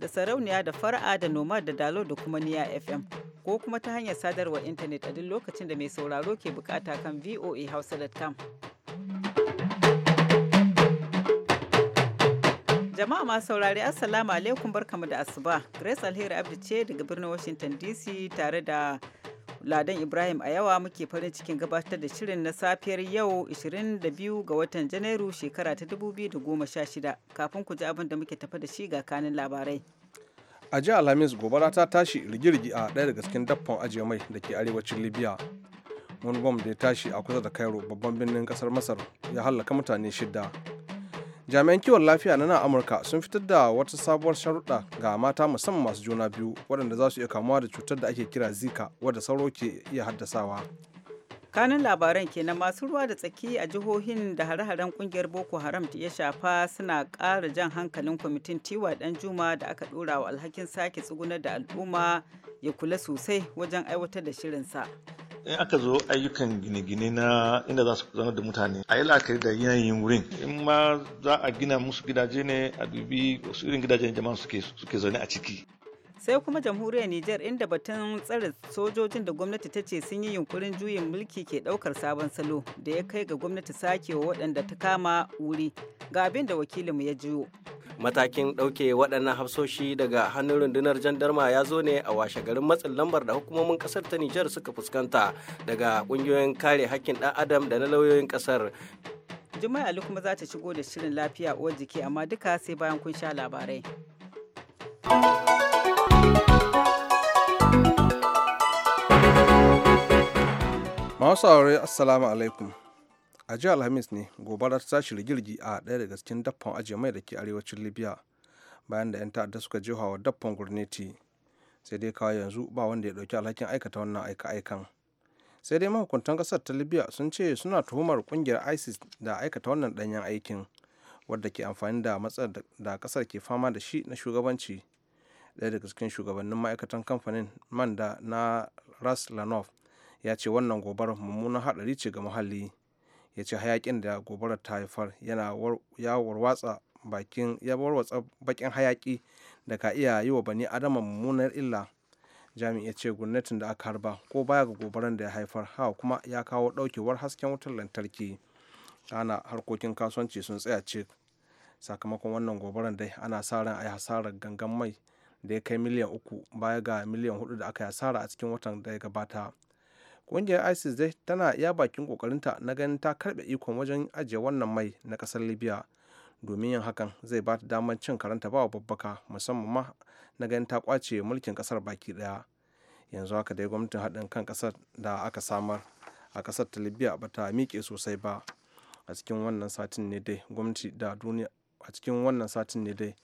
da sarauniya da fara'a da noma da dalo da kuma niya fm ko kuma ta hanyar sadarwar intanet a duk lokacin da mai sauraro ke bukata kan voahausa.com jama'a masu saurari assalamu alaikum barkamu da asuba grace alheri abdi ce daga birnin washington dc tare da Ladan Ibrahim a yawa muke farin cikin gabatar da shirin na safiyar yau 22 ga watan Janairu shekara ta 2016 kafin ku ji abin da muke tafa da shi ga kanin labarai. A jiya Alhamis gobara ta tashi rigirgi a ɗaya daga cikin daffan ajiye mai da ke arewacin Libya. Wani bom da ya tashi a kusa da Cairo babban birnin ƙasar Masar ya hallaka mutane shida jami'an kiwon lafiya na nan amurka sun fitar da wata sabuwar sharuɗa ga mata musamman masu juna biyu waɗanda za su iya kamuwa da cutar da ake kira zika wadda sauro ke iya haddasawa kanin labaran kenan masu ruwa da tsaki a jihohin da hare-haren kungiyar boko haram ya shafa suna kara jan hankalin kwamitin tiwa dan juma da aka ɗora wa alhakin sake tsugunar da al'umma ya kula sosai wajen aiwatar da shirinsa in aka zo ayyukan gine-gine na inda za su zama da mutane a yi la'akari da yanayin wurin in ma za a gina musu gidaje ne a dubi wasu irin gidajen jama'a suke zaune a ciki sai kuma jamhuriyar Nijar inda batun tsare sojojin da gwamnati ta ce sun yi yunkurin juyin mulki ke daukar sabon salo da ya kai ga gwamnati sake wa waɗanda ta kama wuri ga abin da wakilinmu ya jiyo. Matakin ɗauke waɗannan hafsoshi daga hannun rundunar jandarma ya zo ne a washe garin matsin lambar da hukumomin ƙasar ta Nijar suka fuskanta daga ƙungiyoyin kare hakkin ɗan adam da na lauyoyin kasar. Juma'a Ali kuma za ta shigo da shirin lafiya uwar jiki amma duka sai bayan kun sha labarai. masu aure assalamu alaikum a jiya alhamis ne gobara ta tashi rigirgi a ɗaya daga cikin daffan ajiye mai da ke arewacin libya bayan da 'yan ta'adda suka jefa wa daffan gurneti sai dai kawai yanzu ba wanda ya ɗauki alhakin aikata wannan aika-aikan sai dai mahukuntan ƙasar ta libya sun ce suna tuhumar ƙungiyar isis da aikata wannan ɗanyen aikin wadda ke amfani da matsar da ƙasar ke fama da shi na shugabanci daya daga cikin shugabannin ma'aikatan kamfanin man da na ras lanov ya ce wannan gobarar mummunan haɗari ce ga muhalli ya ce hayakin da gobarar ta haifar yana ya warwatsa bakin ya warwatsa bakin hayaki da ka iya yi wa bani adama mummunar illa jami'in ya ce gwamnatin da aka harba ko baya ga gobarar da ya haifar hawa kuma ya kawo ɗaukewar hasken wutar lantarki ana harkokin kasuwanci sun tsaya ce sakamakon wannan gobarar dai ana sa ran a yi hasarar gangan mai da ya kai miliyan uku baya ga miliyan hudu da aka yi hasara a cikin watan da ya gabata ƙungiyar isis dai tana iya bakin kokarinta na ganin ta karɓe ikon wajen ajiye wannan mai na ƙasar libya domin yin hakan zai ba ta damar cin karanta ba babbaka musamman ma na ganin ta kwace mulkin ƙasar baki ɗaya yanzu haka dai gwamnatin haɗin kan kasar da aka samar a ƙasar ta libya ba ta miƙe sosai ba a cikin wannan satin ne dai gwamnati da duniya a cikin wannan satin ne dai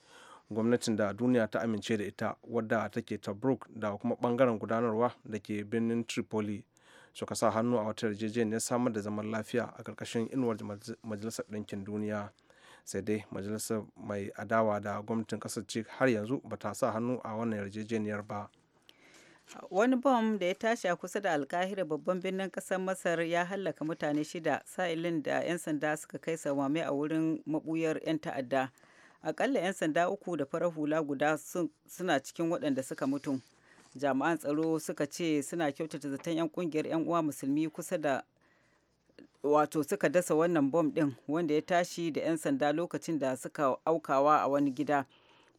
gwamnatin da duniya ta amince da ita wadda take tobruk da kuma bangaren gudanarwa da ke birnin tripoli suka sa hannu a wata yarjejeniyar samar da zaman lafiya a ƙarƙashin inuwar majalisar ɗinkin duniya sai dai majalisar mai adawa da gwamnatin ƙasar ce har yanzu ba ta sa hannu a wannan yarjejeniyar ba wani bom da ya tashi a kusa da alkahira babban birnin kasar masar ya hallaka mutane shida sa'ilin da 'yan sanda suka kai samame a wurin mabuyar 'yan ta'adda akalla 'yan sanda uku da farar hula guda suna cikin waɗanda suka mutu jami'an tsaro suka ce suna kyautata zaton 'yan kungiyar 'yan uwa musulmi kusa da wato suka dasa wannan bom din wanda ya tashi da 'yan sanda lokacin da suka aukawa a wani gida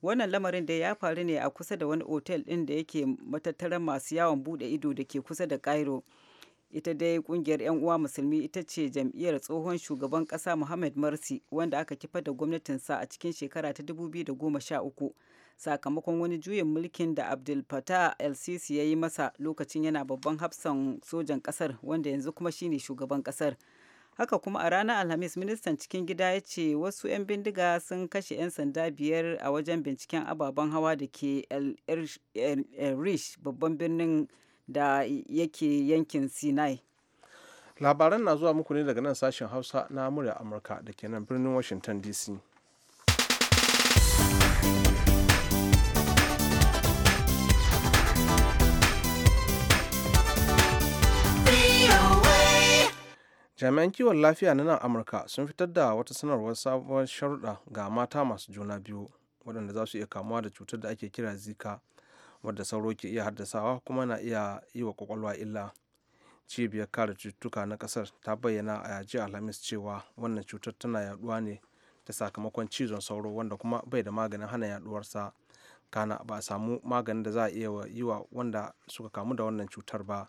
wannan lamarin da ya faru ne a kusa da wani otel din da yake matattaran masu yawon bude ido da ke kusa da cairo ita dai kungiyar 'yan uwa musulmi ita ce jam'iyyar tsohon shugaban kasa muhammad marsi wanda aka kifa da gwamnatinsa a cikin shekara ta 2013 sakamakon wani juyin mulkin da Abdul Fattah el-Sisi ya yi masa lokacin yana babban hafsan sojan kasar wanda yanzu kuma shine shugaban kasar. Haka kuma a ranar Alhamis ministan cikin gida ya ce wasu 'yan bindiga sun kashe 'yan sanda biyar a wajen binciken ababen hawa da ke El-Rish babban birnin da yake yankin Sinai. labaran na zuwa muku ne daga nan sashen hausa na murya amurka da ke nan birnin washington dc jami'an kiwon lafiya na nan amurka sun fitar da wata sanarwar sabon sharuɗa ga mata masu juna biyu waɗanda za su iya kamuwa da cutar da ake kira zika wadda sauro ke iya haddasawa kuma na iya yi wa kwakwalwa illa cibiyar kare cututtuka na ƙasar ta bayyana a yaji alhamis cewa wannan cutar tana yaduwa ne ta sakamakon cizon sauro wanda kuma bai da maganin hana yaduwarsa kana ba a samu maganin da za a iya yi wa wanda suka kamu da wannan cutar ba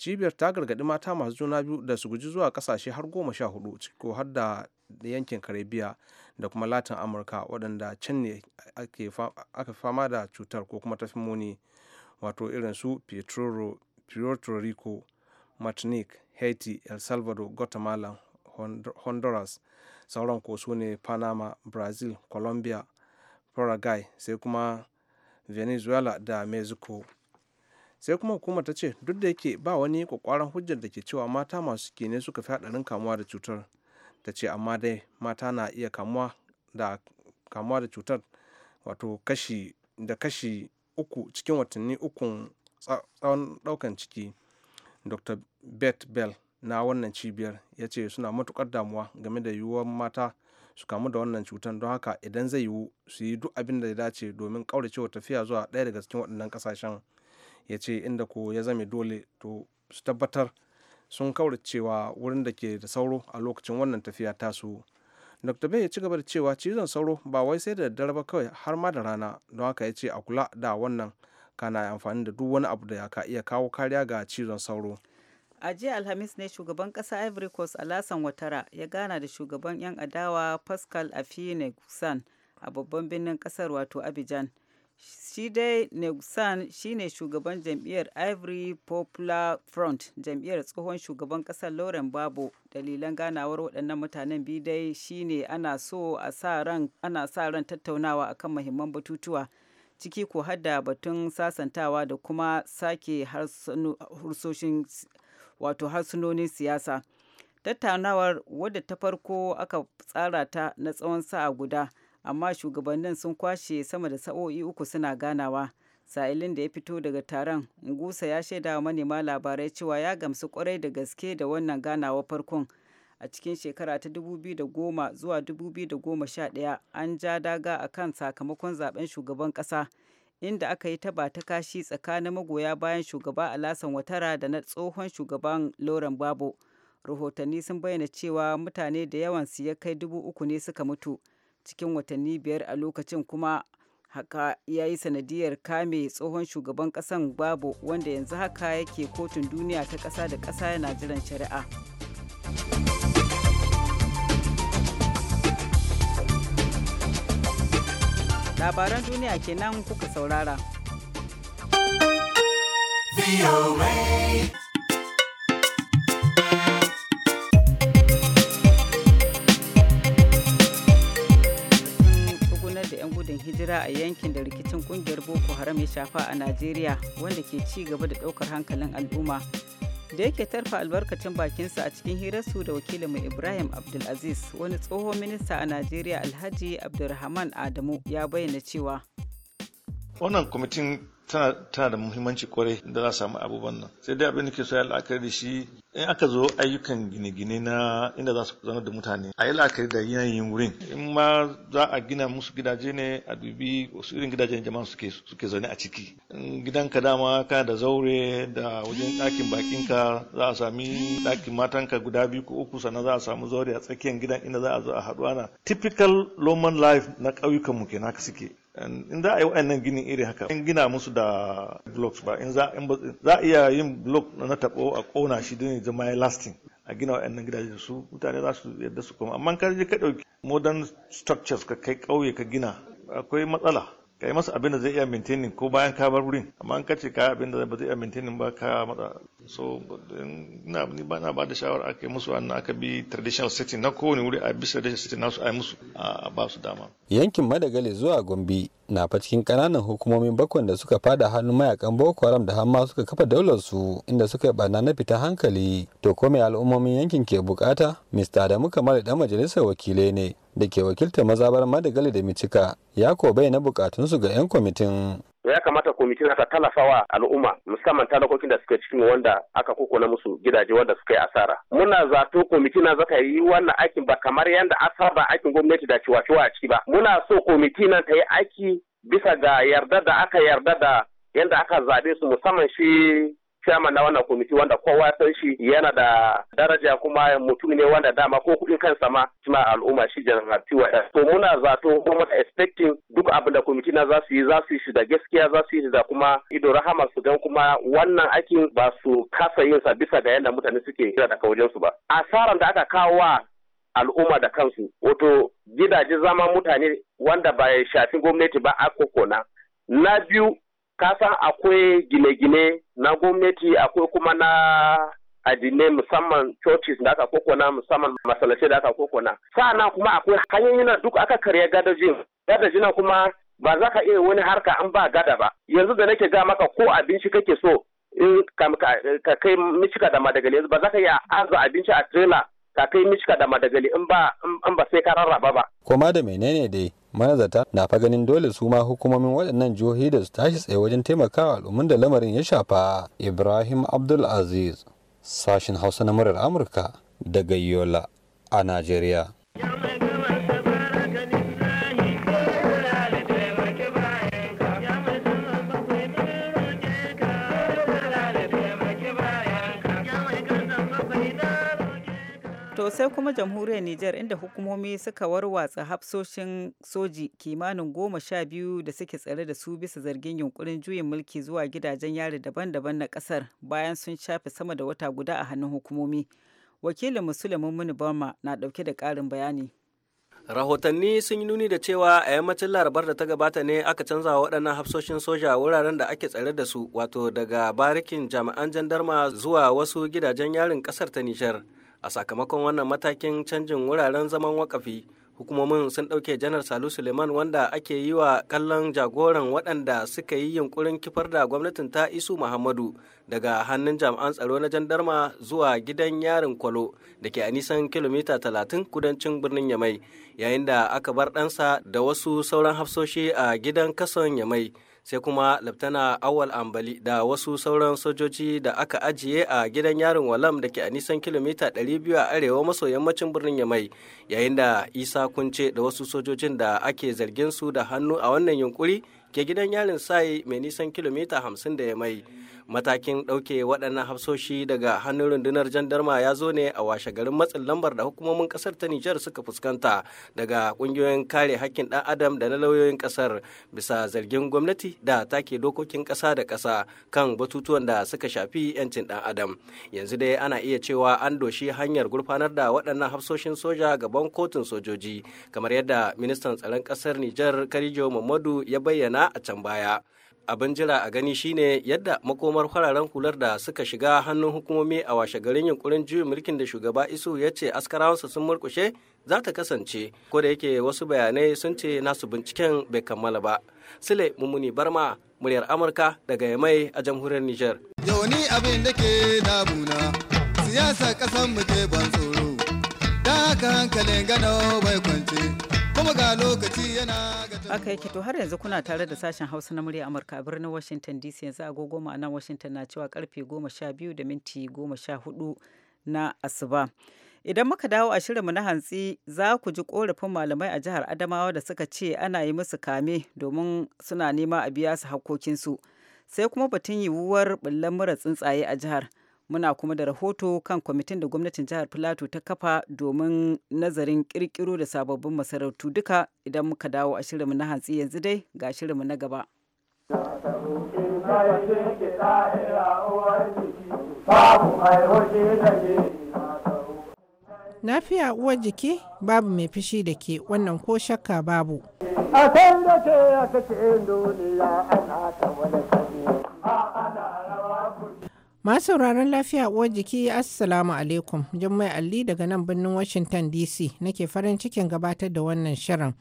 cibiyar ta gargaɗi mata masu juna biyu da su guji zuwa kasashe har goma sha hudu ciko har da yankin karibiya da kuma latin amurka waɗanda can ne aka fama da cutar ko kuma tafi muni wato irin su puerto rico martinique haiti el salvador guatemala honduras sauran ko su ne panama brazil colombia paraguay sai kuma venezuela da mexico sai kuma hukumar ta ce duk da yake ba wani kwakwaran hujjar da ke cewa mata masu kene suka fi haɗarin kamuwa da cutar ta ce amma dai mata na iya kamuwa da kamuwa da cutar wato kashi da kashi uku cikin watanni ukun tsawon ɗaukan ciki dr beth bell na wannan cibiyar ya ce suna matukar damuwa game da yiwuwar mata su kamu da wannan cutar don haka idan zai yiwu su yi duk abin da ya dace domin wa tafiya zuwa ɗaya daga cikin waɗannan ƙasashen ya ce inda ko ya zame dole to su tabbatar sun cewa wurin da ke da sauro a lokacin wannan tafiya tasu dr bay ya ci gaba da cewa cizon sauro ba wai sai da daddare ba kawai har ma da rana don haka ya ce a kula da wannan kana amfani da duk wani abu da ka iya kawo kariya ga cizon sauro a jiya alhamis ne shugaban kasa ivory coast alasan watara ya gana da shugaban yan adawa pascal afine gusan a babban birnin kasar wato abidjan shi dai Negsan shine shugaban jam'iyyar Ivory Popular Front jam'iyyar tsohon shugaban kasar Lauren Babo dalilan ganawar waɗannan mutanen biyu dai shine ana so ana sa ran tattaunawa akan mahimman batutuwa ciki ko hadda batun sasantawa da kuma sake harsoshin wato harsunonin siyasa tattaunawar wadda ta farko aka tsara ta na tsawon sa'a guda amma shugabannin sun kwashe sama da sa'o'i uku suna ganawa sa'ilin da ya fito daga taron ngusa ya shaida wa manema labarai cewa ya gamsu kwarai da gaske da wannan ganawa farkon a cikin shekara ta 2010 zuwa sha 2011 an ja daga a kan sakamakon zaben shugaban kasa inda aka yi taba ta kashi tsakanin magoya bayan shugaba alasan watara da na tsohon shugaban lauren babo rahotanni sun bayyana cewa mutane da yawan su ya kai dubu uku ne suka mutu cikin watanni biyar a lokacin kuma haka ya yi sanadiyar kame tsohon shugaban kasan babu wanda yanzu haka yake kotun duniya ta kasa da kasa yana jiran shari'a labaran duniya kenan kuka saurara hijira a yankin da rikicin kungiyar boko haram ya shafa a najeriya wanda ke ci gaba da ɗaukar hankalin al'umma da yake tarfa albarkacin bakinsa a cikin hirarsu da wakilinmu ibrahim abdulaziz wani tsohon minista a najeriya alhaji abdulrahman adamu ya bayyana cewa wannan kwamitin tana da muhimmanci kwarai da za samu abubuwan nan sai dai abin da ke so la'akari da shi in aka zo ayyukan gine-gine na inda za su zanar da mutane a yi la'akari da yanayin wurin in ma za a gina musu gidaje ne a dubi wasu irin gidajen jama'a suke suke zaune a ciki in gidanka dama kana da zaure da wajen ɗakin bakinka za a sami ɗakin matanka guda biyu ko uku sannan za a samu zaure a tsakiyar gidan inda za a zo a haɗu ana typical loman life na ƙauyukan mu kenan suke in za a yi wa'annan gini iri haka in gina musu da blocks ba in za a iya yin block na tabo a kona shi don ya zama ya lasting a gina wa'annan gidajen su mutane za su yadda su koma amma ka je ka ɗauki modern structures ka kai kauye ka gina akwai matsala ka yi masa abin da zai iya maintaining ko bayan ka bar wurin amma an kace ka abin da zai iya maintaining ba ka so ina ni ba na ba da shawara aka yi musu wannan aka bi traditional setting na kowane wuri a bi traditional setting nasu a yi musu a ba su dama yankin madagali zuwa gombe na fa cikin kananan hukumomin bakwai da suka fada hannun mayakan boko haram da hamma suka kafa daular su inda suka yi barna na fita hankali to kome al'ummomin yankin ke bukata mr adamu kamar dan majalisar wakilai ne da ke wakiltar mazabar madagali da micika ya ko bai na bukatunsu ga 'yan kwamitin ya kamata kwamitin tallafa wa al'umma musamman talakokin da suke cikin wanda aka na musu gidaje wanda suka yi asara muna zato kwamitin na zaka yi wannan aikin ba kamar yadda asaba aikin gwamnati da ciwa-ciwa a ciki ba muna so kwamitin na ta yi aiki bisa ga yarda da aka yarda da yadda aka zaɓe su musamman shi chairman na wannan kwamiti wanda kowa ya san shi yana da daraja kuma mutum ne wanda dama ko kuɗin kansa ma suna al'umma shi general PYS. To muna zato kuma expecting duk abin da kwamiti na za su yi za su yi shi da gaskiya za su yi da kuma ido rahama su gan kuma wannan aikin ba su kasa yin sa bisa ga yadda mutane suke kira daga wajen su ba. Asaran da aka kawo wa al'umma da kansu wato gidaje zaman mutane wanda ba shafi gwamnati ba a kokona. Na biyu kasan akwai gine-gine na gwamnati akwai kuma na addinai musamman churches da aka kokona musamman masallatai da aka kokona sa'annan kuma akwai hanyoyin yana duk aka karya gadajin gadajin kuma ba za ka iya wani harka an ba gada ba yanzu da nake ga maka ko abinci kake so ka kai michika da madagali yanzu ba za ka iya arzu abinci a trailer ka kai michika da madagali in ba sai ka rarraba ba. Koma da menene dai manazata na fa ganin dole su ma hukumomin waɗannan jihohi da su tashi tsaye wajen taimakawa al'ummar da lamarin ya shafa ibrahim abdul aziz sashin hausa na murar amurka daga yola a najeriya sai kuma jamhuriyar Nijar inda hukumomi suka warwatsa hafsoshin soji kimanin goma sha biyu da suke tsare da su bisa zargin yunkurin juyin mulki zuwa gidajen yari daban-daban na kasar bayan sun shafe sama da wata guda a hannun hukumomi. Wakilin Musulmin Muni Burma na ɗauke da karin bayani. rahotanni sun yi nuni da cewa a yammacin larabar da ta gabata ne aka canza waɗannan hafsoshin soja wuraren da ake tsare da su wato daga barikin jami'an jandarma zuwa wasu gidajen yarin ƙasar ta nijar a sakamakon wannan matakin canjin wuraren zaman wakafi hukumomin sun ɗauke janar salu suleiman wanda ake yi wa kallon jagoran waɗanda suka yi yunkurin kifar da gwamnatin ta isu muhammadu daga hannun jami'an tsaro na jandarma zuwa gidan yarin kwalo da ke a nisan kilomita 30 kudancin birnin yamai yayin da aka bar ɗansa da wasu sauran hafsoshi a gidan kason yamai sai kuma laftana awal ambali da wasu sauran sojoji da aka ajiye a gidan yarin walam da ke a nisan kilomita 200 a arewa maso yammacin birnin yamai yayin da isa kunce da wasu sojojin da ake zargin su da hannu a wannan yunkuri ke gidan yarin sai mai nisan kilomita 50 da yamai matakin ɗauke waɗannan hafsoshi daga hannun rundunar jandarma ya zo ne a washe garin matsin lambar da hukumomin ƙasar ta nijar suka fuskanta daga ƙungiyoyin kare hakkin ɗan adam da na lauyoyin ƙasar bisa zargin gwamnati da take dokokin ƙasa da ƙasa kan batutuwan da suka shafi 'yancin ɗan adam yanzu dai ana iya cewa an doshi hanyar gurfanar da waɗannan hafsoshin soja gaban kotun sojoji kamar yadda ministan tsaron ƙasar nijar karijo mamadu ya bayyana a can baya abin jira a gani shine yadda makomar fararen hular da suka shiga hannun hukumomi a washe garin yunkurin juyin mulkin da shugaba isu ya ce askarawansa sun murkushe za ta kasance ko da yake wasu bayanai sun ce nasu binciken bai kammala ba sile mummuni barma muryar amurka daga yamai a jamhuriyar niger yau abin da ke damuna siyasa kasan mu ke ban tsoro da haka gano bai kwance kuma ga lokaci yana gata yake to har yanzu kuna tare da sashen hausa na murya amurka a birnin washington dc yanzu agogo nan washington na cewa karfe goma sha biyu da minti goma sha hudu na asuba idan muka dawo a shirinmu na hantsi za ku ji korafin malamai a jihar adamawa da suka ce ana yi musu kame domin suna nema a biya su hakokinsu sai kuma batun yiwuwar bullan mura tsuntsaye a jihar Muna kuma da rahoto kan kwamitin da gwamnatin jihar Filato ta kafa domin nazarin kirkiro da sababbin masarautu duka idan muka dawo a shirinmu na hantsi yanzu dai ga shirinmu na gaba. Lafiya uwar jiki babu mai fishi da ke wannan ko shakka babu. A kan da ke duniya ana ta wani Masu sauraron lafiya uwar jiki Assalamu alaikum Jummai Ali daga nan birnin Washington DC nake farin cikin gabatar da wannan shirin.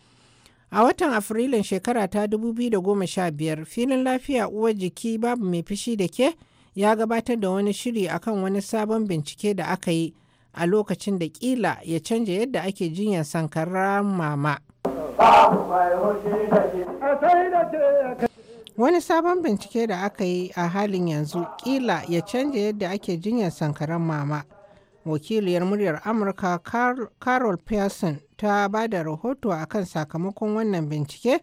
A watan Afrilun shekara ta 2015 filin lafiya uwar jiki babu mai fishi da ke ya gabatar da wani shiri akan wani sabon bincike da aka yi a lokacin da kila ya canja yadda ake jinyar sankara mama. Wani sabon bincike da aka yi a halin yanzu kila ya canja yadda ake jinyar sankaran mama. Wakiliyar muryar Amurka Carol Pearson ta ba da rahoto a kan sakamakon wannan bincike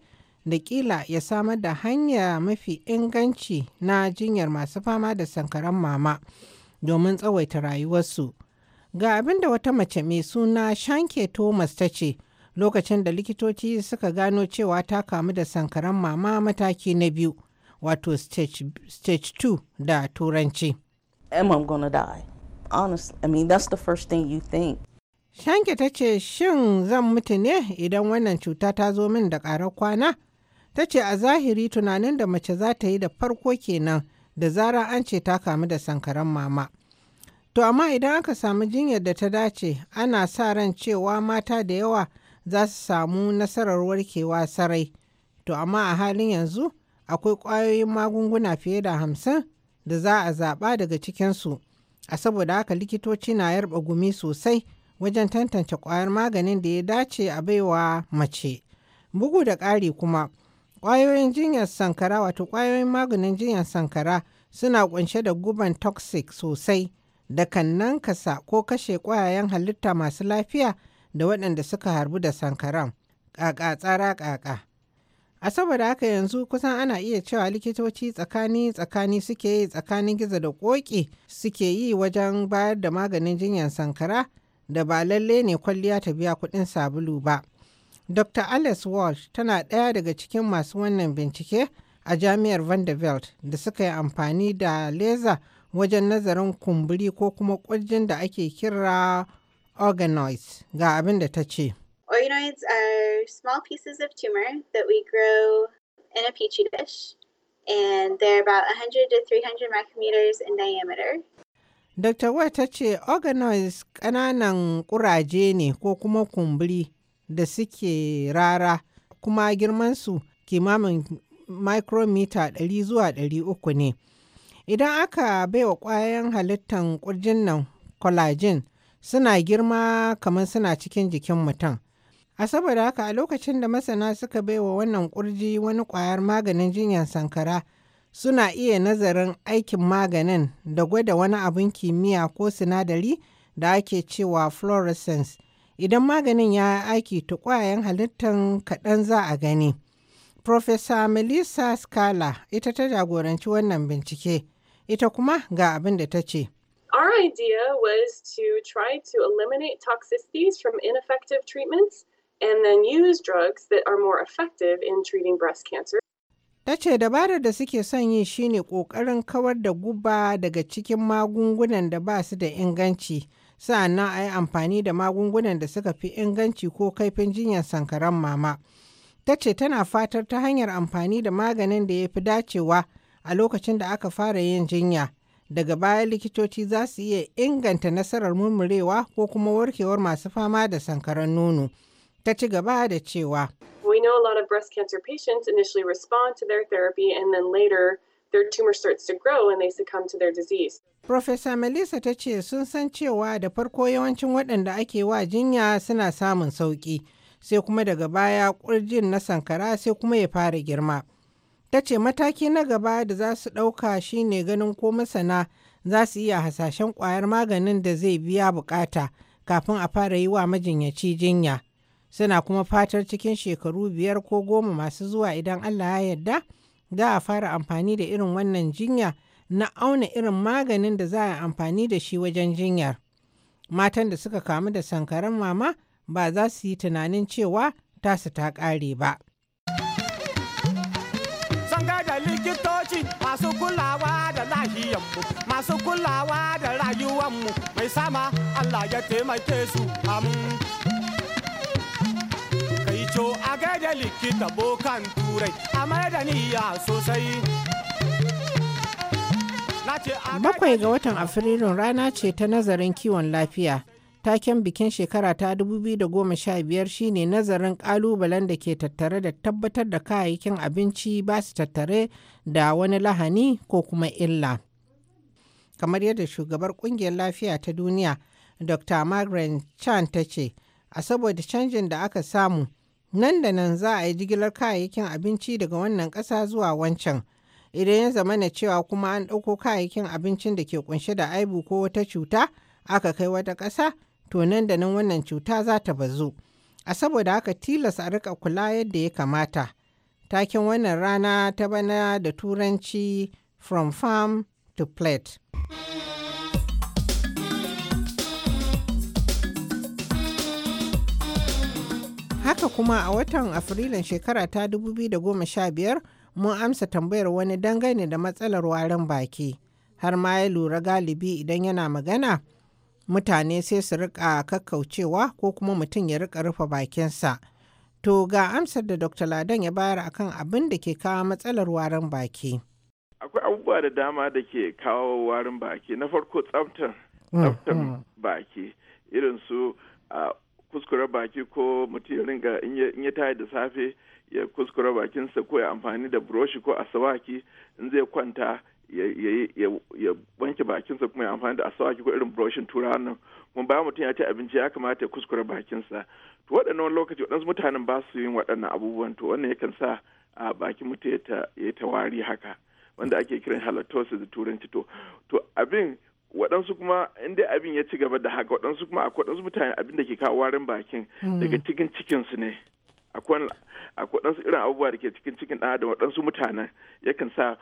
da kila ya samar da hanya mafi inganci na jinyar masu fama da sankaran mama domin tsawaita rayuwarsu. Ga abin da wata mace mai suna Shanke Thomas ta ce, lokacin da likitoci suka gano cewa ta kamu da sankaran mama mataki na biyu wato stage 2 da turanci. Am Shanke ta ce shin zan mutu ne idan wannan cuta ta zo min da ƙarar kwana? Ta ce a zahiri tunanin da mace za ta yi da farko kenan da zara an ce ta kamu da sankaran mama. To amma idan aka samu jinyar da ta dace ana sa ran cewa mata da yawa za su samu nasarar warkewa sarai to amma a halin yanzu akwai ƙwayoyin magunguna fiye da hamsin da za a zaɓa daga cikinsu a saboda haka likitoci na yarba gumi sosai wajen tantance ƙwayar maganin da ya dace a baiwa mace bugu da ƙari kuma ƙwayoyin jinyar sankara wato ƙwayoyin maganin jinyar sankara suna ƙunshe da guban toxic sosai da kan nankasa ko kashe ƙwayayen halitta masu lafiya da waɗanda suka harbu da sankaran ƙaƙa tsara ƙaƙa a saboda haka yanzu kusan ana iya cewa likitoci tsakani tsakani suke yi tsakanin gizo da ƙoƙi suke yi wajen bayar da maganin jinyar sankara da ba lalle ne kwalliya ta biya kuɗin sabulu ba dr alice walsh tana ɗaya daga cikin masu wannan bincike a jami'ar vanderbilt da suka yi amfani da leza wajen nazarin kumburi ko kuma ƙurjin da ake kira organoids ga abin da ta ce. Organoids are small pieces of tumor that we grow in a petri dish and they're about 100 to 300 micrometers in diameter. Dr. Wai ta ce organoids ƙananan ƙuraje ne ko kuma kumburi da suke rara kuma girmansu kimamin micrometer 100 zuwa 300 ne. Idan aka baiwa ƙwayan halittan ƙurjin nan collagen suna girma kamar suna cikin jikin mutum. A saboda haka a lokacin da masana suka bai wa wannan ƙurji, wani ƙwayar maganin jinyar sankara suna iya nazarin aikin maganin da gwada wani abin kimiyya ko sinadari da ake cewa fluorescence. Idan maganin ya aiki ta ƙwayayen halittan kaɗan za a gani. Profesa Melissa Scala ita ta jagoranci wannan bincike, ita kuma ga abin da ta ce. Our idea was to try to eliminate toxicities from ineffective treatments and then use drugs that are more effective in treating breast cancer. Ta ce dabarar da suke son yi shine ƙoƙarin kawar da guba daga cikin magungunan da ba su da inganci, sa'annan a yi amfani da magungunan da suka fi inganci ko kaifin jinyar sankaran mama. Ta ce tana fatar ta hanyar amfani da maganin da ya fi dacewa a lokacin da aka fara yin jinya. daga baya likitoci za su iya inganta nasarar murmurewa ko kuma warkewar masu fama da sankaran nono ta ci gaba da cewa We know a lot of breast cancer patients initially respond to their therapy and then later their tumor starts to grow and they succumb to their disease. Professor Melissa ta ce sun san cewa da farko yawancin waɗanda ake wa jinya suna samun sauƙi sai kuma daga baya ƙurjin na sankara sai kuma ya fara girma. ya ce mataki na gaba da za su ɗauka shine ganin ko masana za su iya hasashen ƙwayar maganin da zai biya bukata kafin a fara yi wa majinyaci jinya suna kuma fatar cikin shekaru biyar ko goma masu zuwa idan allah ya yarda za a fara amfani da irin wannan jinya na auna irin maganin da za a amfani da shi wajen jinyar matan da suka kamu da sankaran mama ba za su yi tunanin cewa tasu ta ƙare ba. likitoci masu kulawa da lahiyanmu masu kulawa da rayuwanmu mai sama Allah ya taimake su amu Kai co a gaida likita bokan turai a da niyya sosai. makwai ga watan Afrilun rana ce ta nazarin kiwon lafiya. Taken bikin shekara ta 2015 shine nazarin ƙalubalen da ke tattare da tabbatar da kayayyakin abinci ba su tattare da wani lahani ko kuma illa. Kamar yadda shugabar kungiyar lafiya ta duniya, Dr. Margaret Chan ta ce, a saboda canjin da aka samu, nan da nan za a yi jigilar kayayyakin abinci daga wannan ƙasa zuwa wancan. idan ya na cewa kuma an ɗauko kayayyakin abincin da ke kunshe da aibu ko wata cuta aka kai wata ƙasa to nan da nan wannan cuta za ta bazu. A saboda haka tilas a rika kula yadda ya kamata. Taken wannan rana ta bana da turanci from farm to plate. Haka kuma a watan Afrilun shekara ta 2015 mun amsa tambayar wani dangane da matsalar warin baki, har ma ya lura galibi idan yana magana. mutane sai su rika kakkaucewa ko kuma mutum ya rika rufe bakinsa. To ga amsar da Dr. Ladan ya bayar akan abin da ke kawo matsalar warin baki. Akwai abubuwa da dama da ke kawo warin baki. Na farko tsaftar mm, mm. baki irin su a kuskure baki ko mutum ya ringa in ya tayi da safe ya kuskure bakinsa ko ya amfani da buroshi ko a sawaki in zai kwanta ya wanke bakinsa kuma ya amfani da asawaki ko irin broshin tura nan kuma bayan mutum ya ci abinci ya kamata ya kuskure bakinsa to waɗannan wani lokaci waɗansu mutanen ba su yin waɗannan abubuwan to wannan yakan sa a bakin mutum ya ta wari haka wanda ake kiran halatosis da turanci to to abin waɗansu kuma inda abin ya ci gaba da haka waɗansu kuma akwai waɗansu mutane abin da ke kawo warin bakin hmm. daga cikin cikinsu ne akwai ɗansu irin abubuwa da ke cikin cikin ɗan adam waɗansu mutanen yakan sa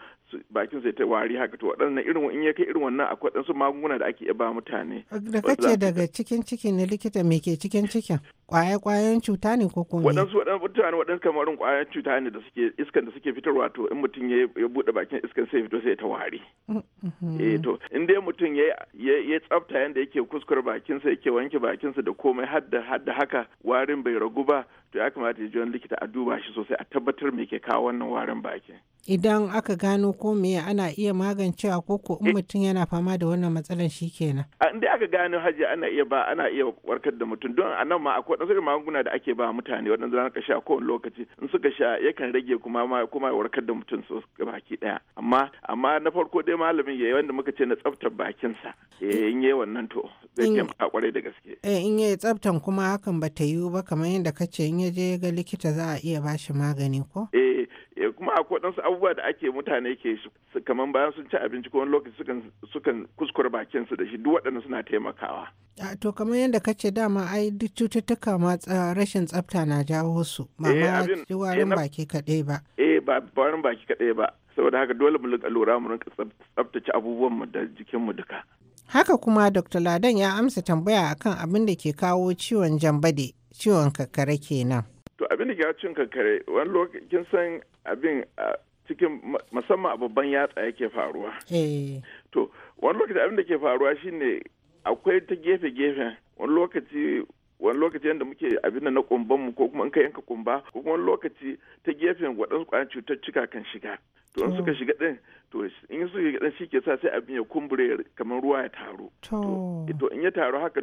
bakin zai ta wari haka to waɗannan irin in ya kai irin wannan akwai ɗansu magunguna da ake ba mutane. da kace daga cikin ciki ne likita me ke cikin cikin kwaye kwayoyin cuta ne ko kuma waɗansu waɗansu mutane waɗansu kamar kwayoyin cuta ne da suke iskan da suke fitarwa to in mutum ya buɗe bakin iskan sai fito sai ta wari. Mm, mm-hmm. eh to in dai mutum ya ya tsafta yanda yake kuskure bakinsa yake wanke bakinsa da komai hadda hadda haka warin bai ragu ba to ya kamata ya ji wani likita a duba shi sosai a tabbatar me ke kawo wannan warin bakin idan aka gano ko meye ana iya magancewa ko ko in eh. mutum yana fama da wannan matsalar shi kenan. a inda aka gano haji ana iya ba ana iya warkar da mutum don a nan ma akwai wasu magunguna da ake ba mutane waɗanda zan ka sha kowane lokaci in suka sha yakan rage kuma ma kuma warkar da mutum so baki daya amma amma na farko dai malamin yayi wanda muka ce na tsaftar bakinsa eh, in yayi wannan to zai taimaka kwarai da gaske eh in yayi tsaftan kuma hakan ba ta yiwu ba kamar yadda kace in ya je ga likita za a iya bashi magani ko eh ya kuma akwai ɗansu abubuwa da ake mutane ke kamar bayan sun ci abinci ko wani lokaci sukan kuskura kuskure bakinsu da shi duk waɗanda suna taimakawa. A ah, to kamar yadda ka ce dama ai duk cututtuka ma rashin tsafta na jawo su ba eh, ma warin baki kaɗai ba. Eh ba warin baki kaɗai ba saboda haka dole mu lura mu rinka tsaftace abubuwanmu da jikin mu duka. Haka kuma Dr. Ladan ya amsa tambaya akan abin da ke kawo ciwon jambade, ciwon kakkare kenan. to abin da ke cin kankare wani lokacin san abin cikin musamman a babban yatsa yake faruwa eh. to wani lokaci abin da ke faruwa shine akwai ta gefe gefen wani lokaci wani lokaci yadda muke abin na kumban mu ko kuma in ka yanka kumba ko kuma wani lokaci ta gefen waɗansu ƙwayan cututtuka kan shiga to in suka shiga din to in suka shiga din shi ke sa sai abin ya kumbure kamar ruwa ya taru to in ya taru haka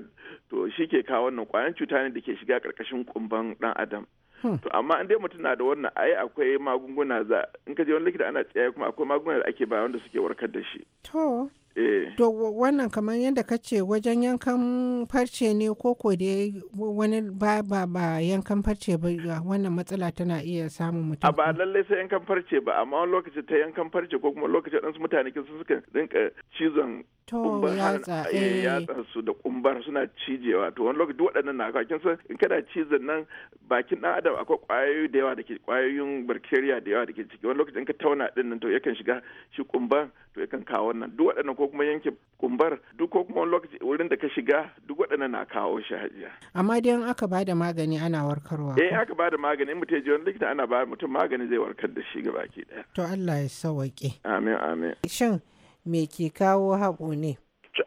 to shi ke kawo wannan ƙwayan cuta ne da ke shiga ƙarƙashin kumban ɗan adam Hmm. to amma in dai mutum na da wannan ai akwai magunguna za in ka je wani likita ana tsaye kuma akwai magunguna da ake bayar wanda suke warkar da shi to eh. to wannan kamar yadda ka ce wajen yankan farce ne ko ko da wani ba ba ba yankan farce ba wannan matsala tana iya samun mutum a ba lallai sai yankan farce ba amma wani lokaci ta yankan farce ko kuma lokacin ɗansu mutane sun suka rinka cizon to yatsa eh. su da kumbar suna cijewa to wani lokaci duk waɗannan na kakin san in kada cizon nan bakin ɗan adam akwai ƙwayoyi da yawa da ke ƙwayoyin barkeriya da yawa da ke ciki wani lokaci in ka tauna ɗin nan to yakan shiga shi kumbar to yakan kawo wannan duk waɗannan ko kuma yanke kumbar duk ko kuma wani lokaci wurin da ka shiga duk waɗannan na kawo shi hajiya amma dai in aka bada magani ana warkarwa eh aka bada magani mutum ya je wani likita ana ba mutum magani zai warkar da shi gabaki ɗaya. to Allah ya sawaƙe. amin amin shin me ke kawo haɓo ne?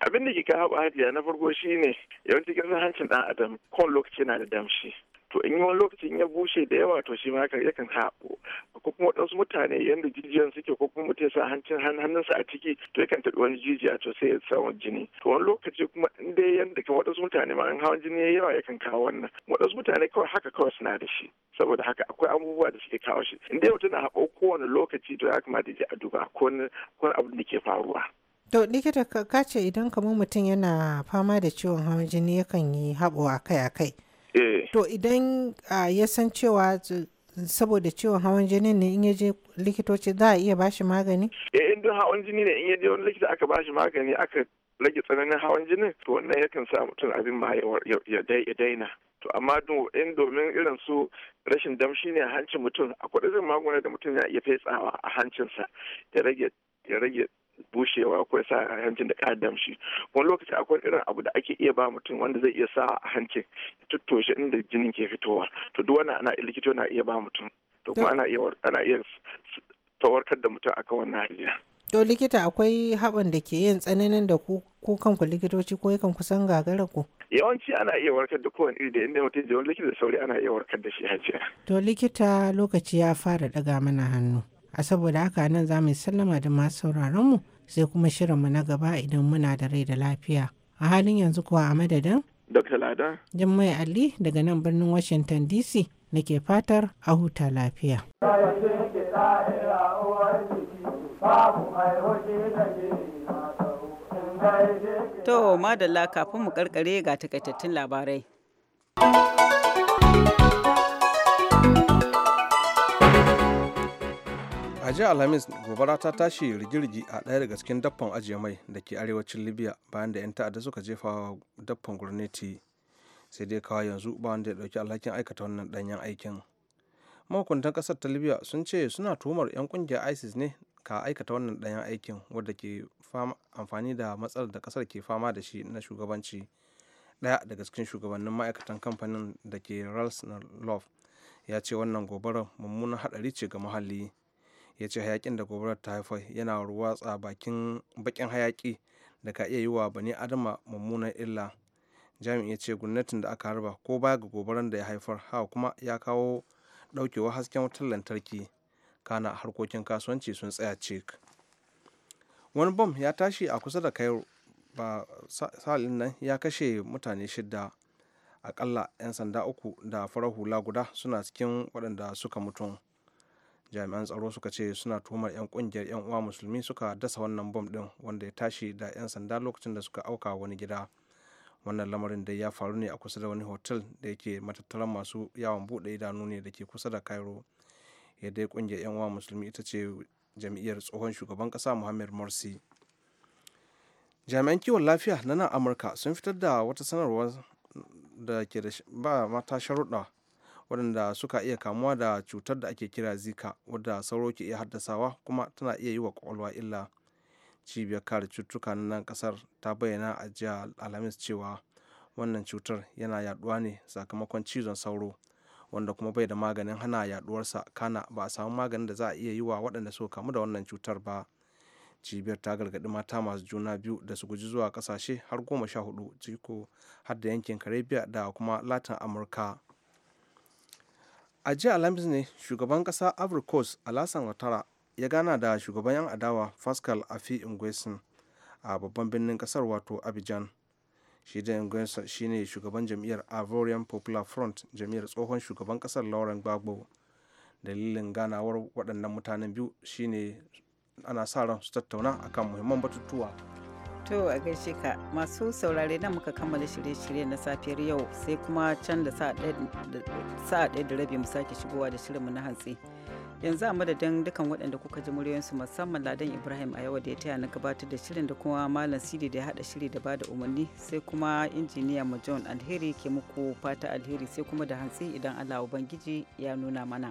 abin da ke kawo haɓo hajiya na farko shine yawanci kin hancin ɗan adam kowane lokaci na da damshi to in wani lokacin ya bushe da yawa to shi ma yakan haɓo ko kuma waɗansu mutane yadda jijiyan suke ko kuma mutum sa hancin hannunsa a ciki to yakan taɓi wani jijiya to sai ya samu jini to wani lokaci kuma in dai yadda kan wasu mutane ma in hawan jini ya yawa yakan kawo wannan waɗansu mutane kawai haka kawai suna da shi saboda haka akwai abubuwa da suke kawo shi in dai mutum na haɓo kowane lokaci to ya kamata ya je a duba ko wani abu da ke faruwa. To likita ka ce idan kamar mutum yana fama da ciwon hawan jini yakan yi haɓo akai-akai. Eh. to idan ya san cewa saboda ciwon hawan jini ne in je likitoci za a iya bashi magani? e in hawan jini ne in yaje wani likita aka bashi magani aka rage tsananin hawan jinin to wannan yakan sa mutum abin ma ya daina to amma in domin irin su rashin damshi ne a hancin mutum akwai irin magunguna da mutum ya iya fetsawa a hancinsa ya rage bushewa akwai sa a hancin da ƙara damshi wani lokaci akwai irin abu da ake iya ba mutum wanda zai iya sa a hancin tuttoshe inda jinin ke fitowa to duk wani ana likito na iya ba mutum to kuma ana iya ana iya tawarkar da mutum akan wannan hanya to likita akwai haɓan da ke yin tsananin da ku kanku likitoci ko yakan kusan gagara ku yawanci ana iya warkar da kowane iri da inda mutum je wani likita da sauri ana iya warkar da shi hajiya to likita lokaci ya fara daga mana hannu a saboda haka nan za mu sallama da masu sauraronmu sai kuma shirinmu na gaba idan muna da rai da lafiya a halin yanzu kuwa a madadin Dr. Lada. Jummai Ali daga nan birnin Washington DC ke fatar a huta lafiya. To, madalla kafin mu karkare ga takaitattun labarai. a jiya alhamis gobara ta tashi rigirgi a ɗaya daga cikin daffan ajiye mai da ke arewacin libya bayan da 'yan ta'adda suka jefa daffan gwamnati sai dai kawai yanzu ba wanda ya dauki alhakin aikata wannan ɗanyen aikin mahukuntan ƙasar ta libya sun ce suna tuhumar 'yan kungiyar isis ne ka aikata wannan ɗanyen aikin wadda ke amfani da matsalar da kasar ke fama da shi na shugabanci ɗaya daga cikin shugabannin ma'aikatan kamfanin da ke ralph love ya ce wannan gobarar mummunan hadari ce ga muhalli ya ce hayakin da gobarar ta haifar yana ruwatsa bakin hayaki da ka iya yi wa bani adama mummunan illa jami'in ya ce gwamnatin da aka harba ko baya ga gobarar da ya haifar haka kuma ya kawo daukewar hasken wutar lantarki kana harkokin kasuwanci sun tsaya cik wani bom ya tashi a kusa da kairo ba salin nan ya kashe mutane shida akalla 'yan sanda uku da farar hula guda suna cikin waɗanda suka mutu jami'an tsaro suka ce suna tuhumar 'yan kungiyar 'yan uwa musulmi suka dasa wannan bom din wanda ya tashi da 'yan sanda lokacin da suka auka wani gida wannan lamarin dai ya faru ne a kusa da wani hotel da yake matattaran masu yawon bude idanu ne da ke kusa da cairo ya dai kungiyar 'yan uwa musulmi ita ce jam'iyyar tsohon shugaban kasa muhammad morsi jami'an kiwon lafiya na nan amurka sun fitar da wata sanarwa da ke da ba mata sharuɗa waɗanda suka iya kamuwa da cutar da ake kira zika wadda sauro ke iya haddasawa kuma tana iya yi wa kwakwalwa illa cibiyar kare cututtuka na nan kasar ta bayyana a jiya alhamis cewa wannan cutar yana yaduwa ne sakamakon cizon sauro wanda kuma bai da maganin hana yaduwarsa kana ba a samu maganin da za a iya yi wa waɗanda suka kamu da wannan cutar ba cibiyar ta gargaɗi mata masu juna biyu da su guji zuwa ƙasashe har goma sha hudu ciko har da yankin karibiya da kuma latin amurka a jiya alhamis ne shugaban kasa ivory coast watara watara ya gana da shugaban 'yan adawa pascal afi ingwesin a babban birnin kasar wato abidjan shi da ingwesin shine shugaban jam'iyyar ivorian popular front jam'iyyar tsohon shugaban kasar lauren gbagbo dalilin ganawar waɗannan mutanen biyu shine ana sa ran su tattauna akan muhimman batutuwa To a gaishe ka masu saurare na muka kammala shirye-shirye na safiyar yau sai kuma can da sa'a ɗaya da rabi mu sake shigowa da shirinmu na hantsi. Yanzu a madadin dukan waɗanda kuka ji muryoyinsu musamman Ladan Ibrahim a yau da ya taya na gabatar da shirin da kuma Malam Sidi da ya haɗa shiri da bada umarni sai kuma injiniya mu John Alheri ke muku fata alheri sai kuma da hantsi idan Allah Ubangiji ya nuna mana.